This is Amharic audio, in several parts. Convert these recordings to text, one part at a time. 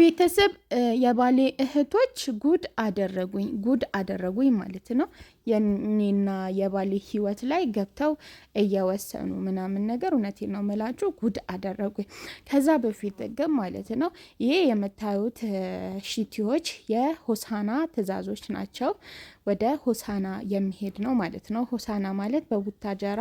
ቤተሰብ የባሌ እህቶች ጉድ አደረጉኝ ጉድ አደረጉኝ ማለት ነው። የኔና የባሌ ህይወት ላይ ገብተው እየወሰኑ ምናምን ነገር እውነቴ ነው ምላችሁ ጉድ አደረጉኝ። ከዛ በፊት ግን ማለት ነው ይሄ የምታዩት ሽቲዎች የሆሳና ትዕዛዞች ናቸው። ወደ ሆሳና የሚሄድ ነው ማለት ነው። ሆሳና ማለት በቡታጀራ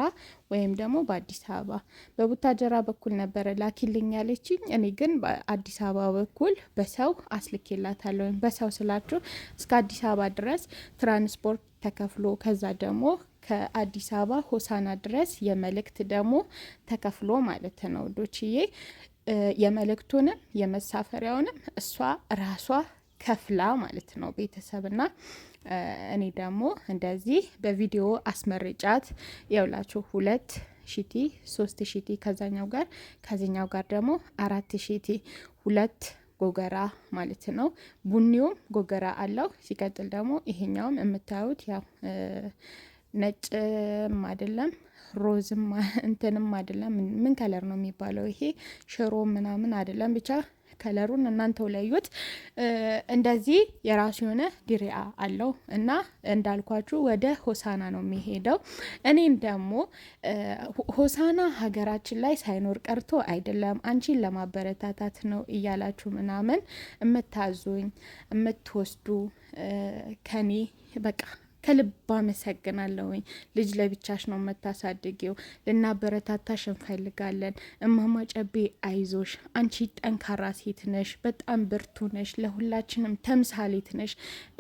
ወይም ደግሞ በአዲስ አበባ በቡታጀራ በኩል ነበረ ላኪልኝ ያለችኝ። እኔ ግን በአዲስ አበባ በኩል በሰው አስልኬላታለሁ። በሰው ስላችሁ እስከ አዲስ አበባ ድረስ ትራንስፖርት ተከፍሎ ከዛ ደግሞ ከአዲስ አበባ ሆሳና ድረስ የመልእክት ደግሞ ተከፍሎ ማለት ነው ዶችዬ የመልእክቱንም የመሳፈሪያውንም እሷ ራሷ ከፍላ ማለት ነው ቤተሰብና እኔ ደግሞ እንደዚህ በቪዲዮ አስመርጫት የውላችሁ ሁለት ሺቲ ሶስት ሺቲ ከዛኛው ጋር ከዚኛው ጋር ደግሞ አራት ሺቲ ሁለት ጎገራ ማለት ነው። ቡኒውም ጎገራ አለው። ሲቀጥል ደግሞ ይሄኛውም የምታዩት ያው ነጭም አይደለም ሮዝም እንትንም አይደለም። ምን ከለር ነው የሚባለው? ይሄ ሽሮ ምናምን አይደለም ብቻ ከለሩን እናንተው ለዩት። እንደዚህ የራሱ የሆነ ዲሪአ አለው እና እንዳልኳችሁ ወደ ሆሳና ነው የሚሄደው። እኔም ደግሞ ሆሳና ሀገራችን ላይ ሳይኖር ቀርቶ አይደለም አንቺን ለማበረታታት ነው እያላችሁ ምናምን የምታዙኝ የምትወስዱ ከኔ በቃ ከልብ አመሰግናለሁኝ። ልጅ ለብቻሽ ነው የምታሳድጊው፣ ልናበረታታሽ እንፈልጋለን። እማማ ጨቤ አይዞሽ፣ አንቺ ጠንካራ ሴት ነሽ፣ በጣም ብርቱ ነሽ፣ ለሁላችንም ተምሳሌት ነሽ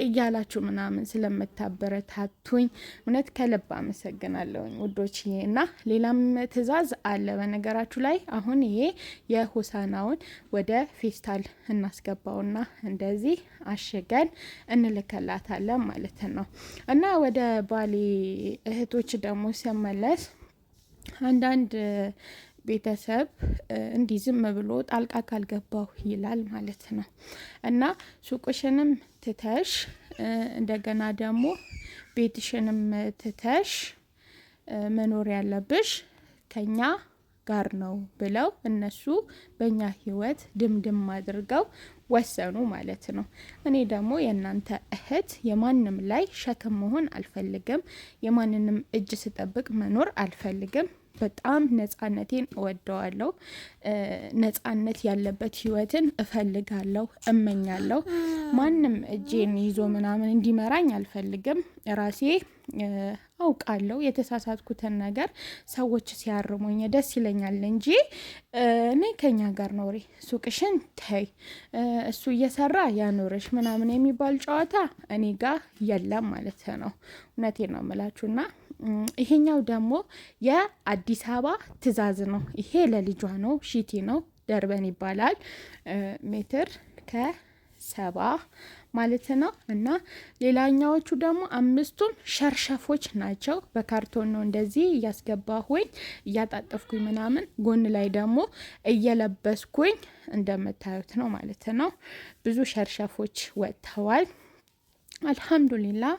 እያላችሁ ምናምን ስለምታበረታቱኝ እውነት ከልብ አመሰግናለሁኝ ውዶች። እና ሌላም ትዕዛዝ አለ በነገራችሁ ላይ አሁን ይሄ የሆሳናውን ወደ ፌስታል እናስገባውና እንደዚህ አሸገን እንልከላታለን ማለት ነው። እና ወደ ባሌ እህቶች ደግሞ ስመለስ አንዳንድ ቤተሰብ እንዲህ ዝም ብሎ ጣልቃ ካልገባሁ ይላል ማለት ነው። እና ሱቁሽንም ትተሽ እንደገና ደግሞ ቤትሽንም ትተሽ መኖር ያለብሽ ከኛ ጋር ነው ብለው እነሱ በእኛ ህይወት ድምድም አድርገው ወሰኑ ማለት ነው። እኔ ደግሞ የእናንተ እህት የማንም ላይ ሸክም መሆን አልፈልግም። የማንንም እጅ ስጠብቅ መኖር አልፈልግም። በጣም ነጻነቴን እወደዋለሁ። ነጻነት ያለበት ህይወትን እፈልጋለሁ፣ እመኛለሁ። ማንም እጄን ይዞ ምናምን እንዲመራኝ አልፈልግም። ራሴ አውቃለሁ የተሳሳትኩትን ነገር ሰዎች ሲያርሙኝ ደስ ይለኛል እንጂ እኔ ከኛ ጋር ኖሪ፣ ሱቅሽን ተይ፣ እሱ እየሰራ ያኖርሽ ምናምን የሚባል ጨዋታ እኔ ጋር የለም ማለት ነው። እውነቴ ነው ምላችሁና ይሄኛው ደግሞ የአዲስ አበባ ትዕዛዝ ነው። ይሄ ለልጇ ነው። ሺቲ ነው፣ ደርበን ይባላል። ሜትር ከሰባ ማለት ነው። እና ሌላኛዎቹ ደግሞ አምስቱም ሸርሸፎች ናቸው። በካርቶን ነው እንደዚህ እያስገባሁኝ እያጣጠፍኩኝ ምናምን፣ ጎን ላይ ደግሞ እየለበስኩኝ እንደምታዩት ነው ማለት ነው። ብዙ ሸርሸፎች ወጥተዋል። አልሐምዱሊላህ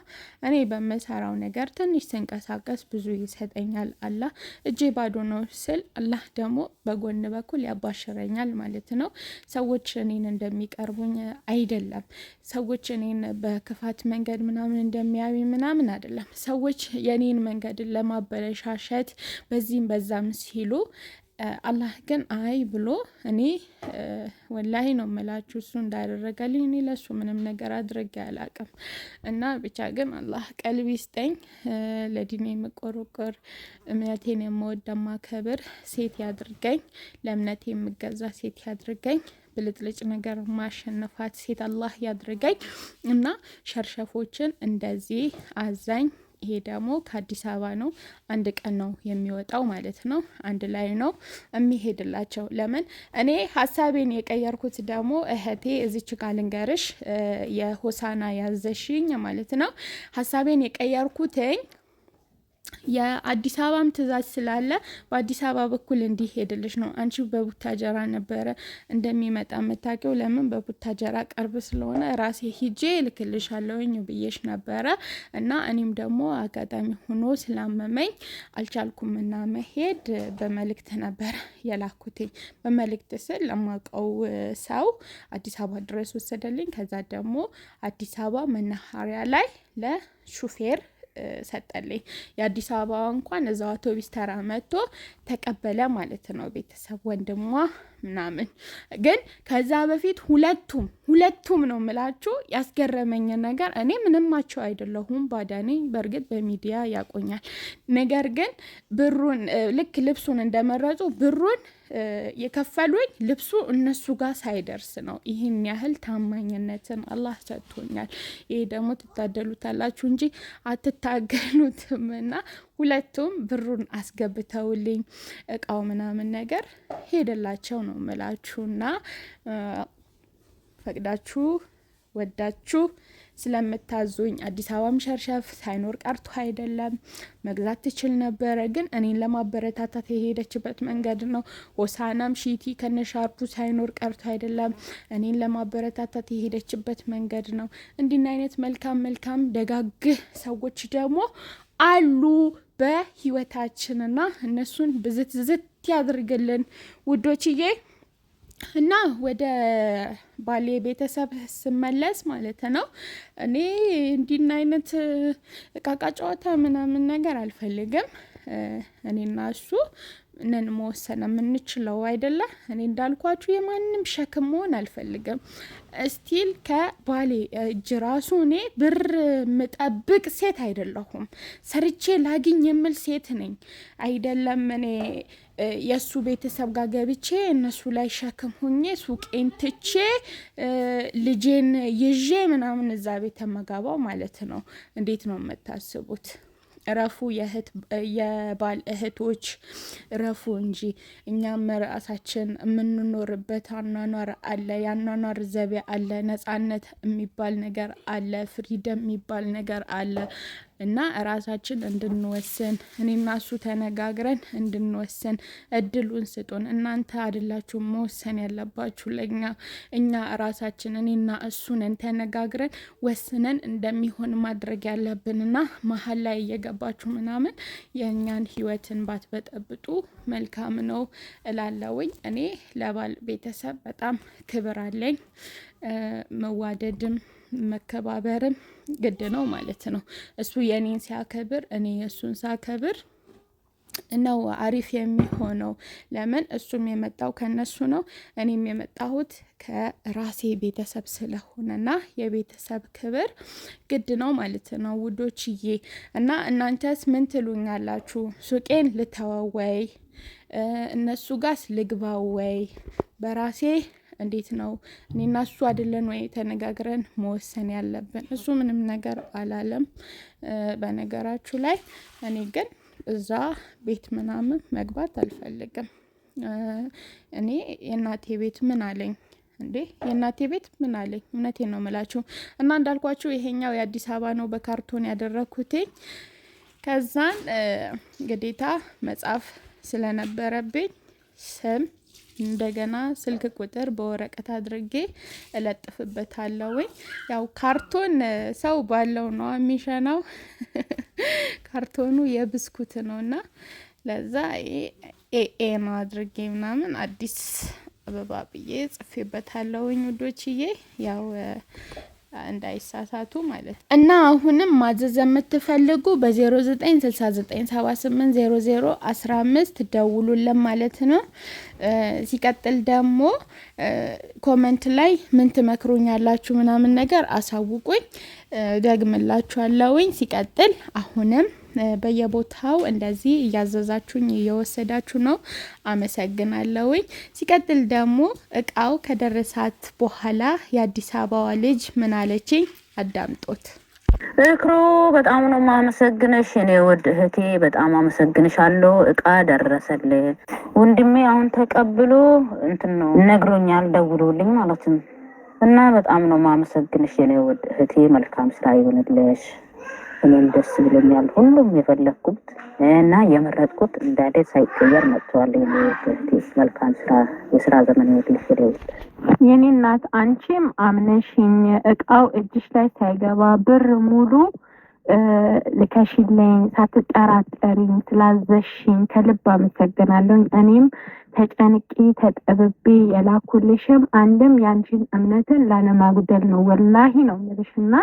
እኔ በምሰራው ነገር ትንሽ ስንቀሳቀስ ብዙ ይሰጠኛል። አላህ እጄ ባዶ ነው ስል አላህ ደግሞ በጎን በኩል ያባሽረኛል ማለት ነው። ሰዎች እኔን እንደሚቀርቡኝ አይደለም። ሰዎች እኔን በክፋት መንገድ ምናምን እንደሚያዩ ምናምን አይደለም። ሰዎች የኔን መንገድ ለማበለሻሸት በዚህም በዛም ሲሉ አላህ ግን አይ ብሎ እኔ ወላሂ ነው መላችሁ እሱ እንዳደረገልኝ እኔ ለእሱ ምንም ነገር አድርጌ አላቅም። እና ብቻ ግን አላህ ቀልብ ይስጠኝ፣ ለዲኔ የምቆረቆር እምነቴን የምወድ ማከብር ሴት ያድርገኝ፣ ለእምነቴ የምገዛ ሴት ያድርገኝ፣ ብልጥልጭ ነገር ማሸነፋት ሴት አላህ ያድርገኝ እና ሸርሸፎችን እንደዚህ አዛኝ ይሄ ደግሞ ከአዲስ አበባ ነው። አንድ ቀን ነው የሚወጣው ማለት ነው። አንድ ላይ ነው የሚሄድላቸው። ለምን እኔ ሀሳቤን የቀየርኩት ደግሞ እህቴ እዚች ጋልንገርሽ ልንገርሽ፣ የሆሳና ያዘሽኝ ማለት ነው። ሀሳቤን የቀየርኩትኝ የአዲስ አበባም ትእዛዝ ስላለ በአዲስ አበባ በኩል እንዲሄድልሽ ነው። አንቺ በቡታጀራ ነበረ እንደሚመጣ የምታውቂው። ለምን በቡታጀራ ቅርብ ስለሆነ ራሴ ሂጄ እልክልሻለሁኝ ብዬሽ ነበረ እና እኔም ደግሞ አጋጣሚ ሆኖ ስላመመኝ አልቻልኩም እና መሄድ በመልእክት ነበረ የላኩትኝ። በመልእክት ስል ለማውቀው ሰው አዲስ አበባ ድረስ ወሰደልኝ። ከዛ ደግሞ አዲስ አበባ መናኸሪያ ላይ ለሹፌር ሰጠልኝ። የአዲስ አበባ እንኳን እዛ አውቶቢስ ተራ መጥቶ ተቀበለ ማለት ነው ቤተሰብ ወንድሟ ምናምን። ግን ከዛ በፊት ሁለቱም ሁለቱም ነው ምላችሁ ያስገረመኝ ነገር እኔ ምንማቸው አይደለሁም ባዳኔ በእርግጥ በሚዲያ ያቆኛል። ነገር ግን ብሩን ልክ ልብሱን እንደመረጡ ብሩን የከፈሉኝ ልብሱ እነሱ ጋር ሳይደርስ ነው። ይህን ያህል ታማኝነትን አላህ ሰጥቶኛል። ይሄ ደግሞ ትታደሉታላችሁ እንጂ አትታገሉትም። እና ሁለቱም ብሩን አስገብተውልኝ እቃው ምናምን ነገር ሄደላቸው ነው ምላችሁና ፈቅዳችሁ ወዳችሁ ስለምታዙኝ አዲስ አበባ ሸርሸፍ ሳይኖር ቀርቶ አይደለም። መግዛት ትችል ነበረ፣ ግን እኔን ለማበረታታት የሄደችበት መንገድ ነው። ሆሳናም ሺቲ ከነሻርፑ ሳይኖር ቀርቶ አይደለም። እኔን ለማበረታታት የሄደችበት መንገድ ነው። እንዲህን አይነት መልካም መልካም ደጋግህ ሰዎች ደግሞ አሉ በህይወታችንና እነሱን ብዝት ዝት ያድርግልን ውዶችዬ እና ወደ ባሌ ቤተሰብ ስመለስ ማለት ነው። እኔ እንዲና አይነት እቃቃ ጨዋታ ምናምን ነገር አልፈልግም። እኔና እሱ ነን መወሰን የምንችለው አይደለ? እኔ እንዳልኳችሁ የማንም ሸክም መሆን አልፈልግም። እስቲል ከባሌ እጅ ራሱ እኔ ብር ምጠብቅ ሴት አይደለሁም። ሰርቼ ላግኝ የምል ሴት ነኝ። አይደለም እኔ የእሱ ቤተሰብ ጋር ገብቼ እነሱ ላይ ሸክም ሁኜ ሱቄን ትቼ ልጄን ይዤ ምናምን እዛ ቤት ተመጋባው ማለት ነው። እንዴት ነው የምታስቡት? ረፉ የባል እህቶች ረፉ እንጂ እኛም ራሳችን የምንኖርበት አኗኗር አለ፣ የአኗኗር ዘቤ አለ፣ ነጻነት የሚባል ነገር አለ፣ ፍሪደም የሚባል ነገር አለ። እና ራሳችን እንድንወስን እኔና እሱ ተነጋግረን እንድንወስን እድሉን ስጡን። እናንተ አይደላችሁ መወሰን ያለባችሁ ለኛ። እኛ ራሳችን እኔና እሱንን ተነጋግረን ወስነን እንደሚሆን ማድረግ ያለብን ያለብንና መሀል ላይ እየገባችሁ ምናምን የእኛን ህይወትን ባትበጠብጡ መልካም ነው እላለውኝ። እኔ ለባል ቤተሰብ በጣም ክብር አለኝ መዋደድም መከባበርም ግድ ነው ማለት ነው። እሱ የኔን ሲያከብር፣ እኔ የእሱን ሳከብር ነው አሪፍ የሚሆነው። ለምን እሱም የመጣው ከነሱ ነው፣ እኔም የመጣሁት ከራሴ ቤተሰብ ስለሆነና የቤተሰብ ክብር ግድ ነው ማለት ነው ውዶችዬ። እና እናንተስ ምን ትሉኛላችሁ? ሱቄን ልተወወይ? እነሱ ጋስ ልግባወይ ወይ? በራሴ እንዴት ነው? እኔና እሱ አይደለን ወይ ተነጋግረን መወሰን ያለብን? እሱ ምንም ነገር አላለም። በነገራችሁ ላይ እኔ ግን እዛ ቤት ምናምን መግባት አልፈልግም። እኔ የእናቴ ቤት ምን አለኝ እንዴ የእናቴ ቤት ምን አለኝ? እውነቴ ነው ምላችሁ እና እንዳልኳችሁ ይሄኛው የአዲስ አበባ ነው በካርቶን ያደረግኩትኝ። ከዛን ግዴታ መጻፍ ስለነበረብኝ ስም እንደገና ስልክ ቁጥር በወረቀት አድርጌ እለጥፍበታለሁ። ያው ካርቶን ሰው ባለው ነው የሚሸናው። ካርቶኑ የብስኩት ነው እና ለዛ ኤኤ ነው አድርጌ ምናምን አዲስ አበባ ብዬ ጽፌበታለሁኝ ውዶችዬ ያው እንዳይሳሳቱ ማለት ነው እና አሁንም ማዘዝ የምትፈልጉ በ0969780015 ደውሉልን ማለት ነው። ሲቀጥል ደግሞ ኮመንት ላይ ምን ትመክሩኛላችሁ ምናምን ነገር አሳውቁኝ፣ ደግምላችኋለውኝ። ሲቀጥል አሁንም በየቦታው እንደዚህ እያዘዛችሁኝ እየወሰዳችሁ ነው። አመሰግናለሁኝ። ሲቀጥል ደግሞ እቃው ከደረሳት በኋላ የአዲስ አበባዋ ልጅ ምን አለችኝ? አዳምጦት። እክሮ በጣም ነው ማመሰግነሽ እኔ ውድ እህቴ፣ በጣም አመሰግንሽ አለው። እቃ ደረሰልህ ወንድሜ። አሁን ተቀብሎ እንትን ነው ነግሮኛል፣ ደውሎልኝ ማለት ነው እና በጣም ነው ማመሰግንሽ እኔ ውድ እህቴ። መልካም ስራ ይሆንልሽ። እኔም ደስ ብሎኛል። ሁሉም የፈለግኩት እና የመረጥኩት እንዳደ ሳይቀየር መጥተዋል። መልካም ስራ የስራ ዘመን ወትልፍል የኔ እናት አንቺም አምነሽኝ እቃው እጅሽ ላይ ሳይገባ ብር ሙሉ ልከሽልኝ ሳትጠራጠሪኝ ስላዘሽኝ ከልብ አመሰግናለሁ። እኔም ተጨንቄ ተጠብቤ የላኩልሽም አንድም ያንቺን እምነትን ላለማጉደል ነው። ወላሂ ነው የምልሽ እና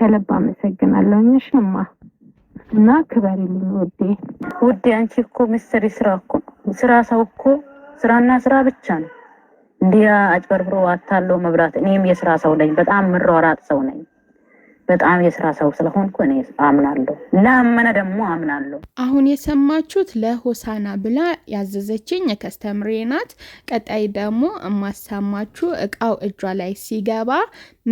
ከልብ አመሰግናለሁኝ። እሽማ እና ክበሪልኝ ውዴ። ውዴ አንቺ እኮ ምስር ስራ እኮ ስራ ሰው እኮ ስራና ስራ ብቻ ነው። እንዲያ አጭበርብሮ አታለው መብራት። እኔም የስራ ሰው ነኝ። በጣም ምራራጥ ሰው ነኝ። በጣም የስራ ሰው ስለሆንኩ እኔ አምናለሁ፣ ላመነ ደግሞ አምናለሁ። አሁን የሰማችሁት ለሆሳና ብላ ያዘዘችኝ የከስተምሬ ናት። ቀጣይ ደግሞ የማሰማችሁ እቃው እጇ ላይ ሲገባ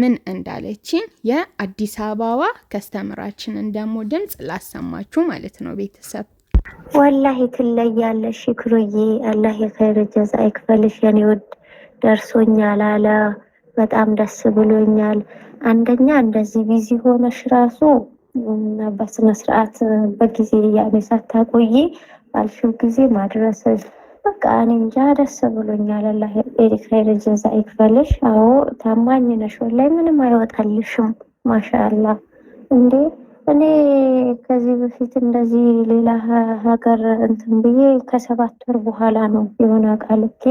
ምን እንዳለችኝ የአዲስ አበባዋ ከስተምራችንን ደግሞ ድምፅ ላሰማችሁ ማለት ነው ቤተሰብ ወላሂ ትለያለሽ ሽክሩዬ፣ አላህ የኸይር ጀዛ ይክፈልሽ። የኔ ውድ ደርሶኛል አለ። በጣም ደስ ብሎኛል። አንደኛ እንደዚህ ቢዚ ሆነሽ ራሱ በስነ ስርዓት በጊዜ ያኔ ሳታቆይ ባልሽው ጊዜ ማድረስ በቃ እኔ እንጃ ደስ ብሎኛል። አላህ ኤሪክሳይድ ጀዛ ይክፈልሽ። አዎ ታማኝ ነሽ፣ ወላሂ ምንም አይወጣልሽም። ማሻአላ እንዴ እኔ ከዚህ በፊት እንደዚህ ሌላ ሀገር እንትን ብዬ ከሰባት ወር በኋላ ነው የሆነ ቃልኬ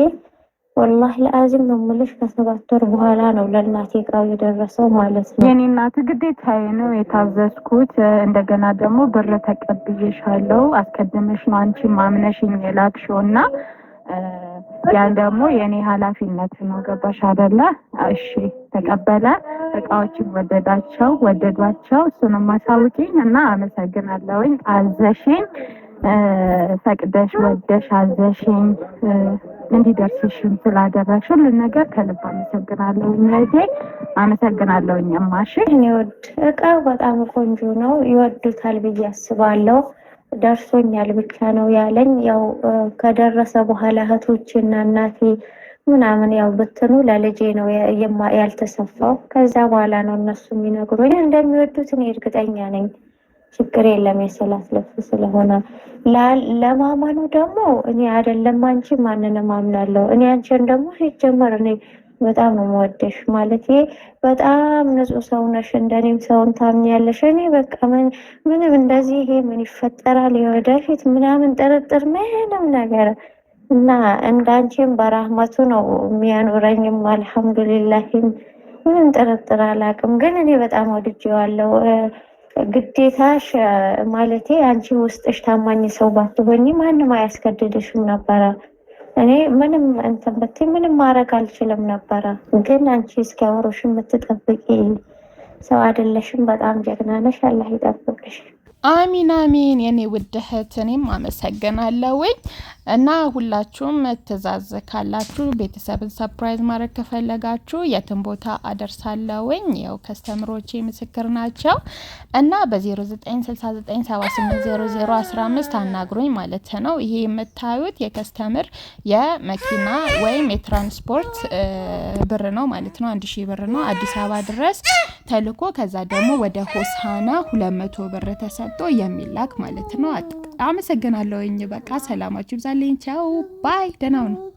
ወላህ ለአዚም ነው የምልሽ፣ ከሰባት ወር በኋላ ነው ለእናቴ እቃው የደረሰው ማለት ነው። የኔ እናት ግዴታዬ ነው የታዘዝኩት። እንደገና ደግሞ ብር ተቀብዬሻለሁ። አስቀድመሽ ነው አንቺ ማምነሽኝ የላክሽው እና ያን ደግሞ የእኔ ኃላፊነት ነው። ገባሽ አይደለ? እሺ ተቀበለ። እቃዎችን ወደዳቸው ወደዷቸው። እሱንም ማሳውቂኝ እና አመሰግናለሁኝ። አዘሽኝ፣ ፈቅደሽ ወደሽ አዘሽኝ እንዲደርስሽን ስላደረግሽልን ነገር ከልብ አመሰግናለሁ። እህቴ አመሰግናለሁ። እማሽ ይህን የወድ እቃ በጣም ቆንጆ ነው፣ ይወዱታል ብዬ አስባለሁ። ደርሶኛል ብቻ ነው ያለኝ። ያው ከደረሰ በኋላ እህቶችና እናቴ ምናምን ያው ብትኑ ለልጄ ነው ያልተሰፋው። ከዛ በኋላ ነው እነሱ የሚነግሩኝ እንደሚወዱት እኔ እርግጠኛ ነኝ። ችግር የለም። የሰላት ልብስ ስለሆነ ለማመኑ ደግሞ እኔ አይደለም አንቺ ማንንም አምናለሁ። እኔ አንቺን ደግሞ ሲጀመር እኔ በጣም ነው የምወደሽ ማለት ይሄ በጣም ንጹሕ ሰውነሽ እንደኔም ሰውን ታምኛለሽ። እኔ በቃ ምንም እንደዚህ ይሄ ምን ይፈጠራል የወደፊት ምናምን ጥርጥር ምንም ነገር እና እንዳንቺም በራህመቱ ነው የሚያኖረኝም አልሐምዱሊላህም ምንም ጥርጥር አላቅም። ግን እኔ በጣም ወድጄዋለሁ። ግዴታሽ ማለቴ አንቺ ውስጥሽ ታማኝ ሰው ባትሆኝ ማንም አያስገድድሽም ነበረ። እኔ ምንም እንትን ብትይ ምንም ማድረግ አልችልም ነበረ። ግን አንቺ እስኪያወሩሽ የምትጠብቂ ሰው አይደለሽም። በጣም ጀግና ነሽ። አላህ ይጠብቅሽ። አሚን አሚን የኔ ውድ እህት እኔም አመሰግናለሁኝ። እና ሁላችሁም ትእዛዝ ካላችሁ ቤተሰብን ሰፕራይዝ ማድረግ ከፈለጋችሁ የትን ቦታ አደርሳለሁኝ። ያው ከስተምሮቼ ምስክር ናቸው እና በ0969780015 አናግሮኝ ማለት ነው። ይሄ የምታዩት የከስተምር የመኪና ወይም የትራንስፖርት ብር ነው ማለት ነው። አንድ ሺህ ብር ነው አዲስ አበባ ድረስ ተልኮ ከዛ ደግሞ ወደ ሆሳና ሁለት መቶ ብር ተሰጥቶ የሚላክ ማለት ነው። አመሰግናለሁኝ። በቃ ሰላማችሁ ይብዛልኝ። ቻው ባይ። ደህና ነው።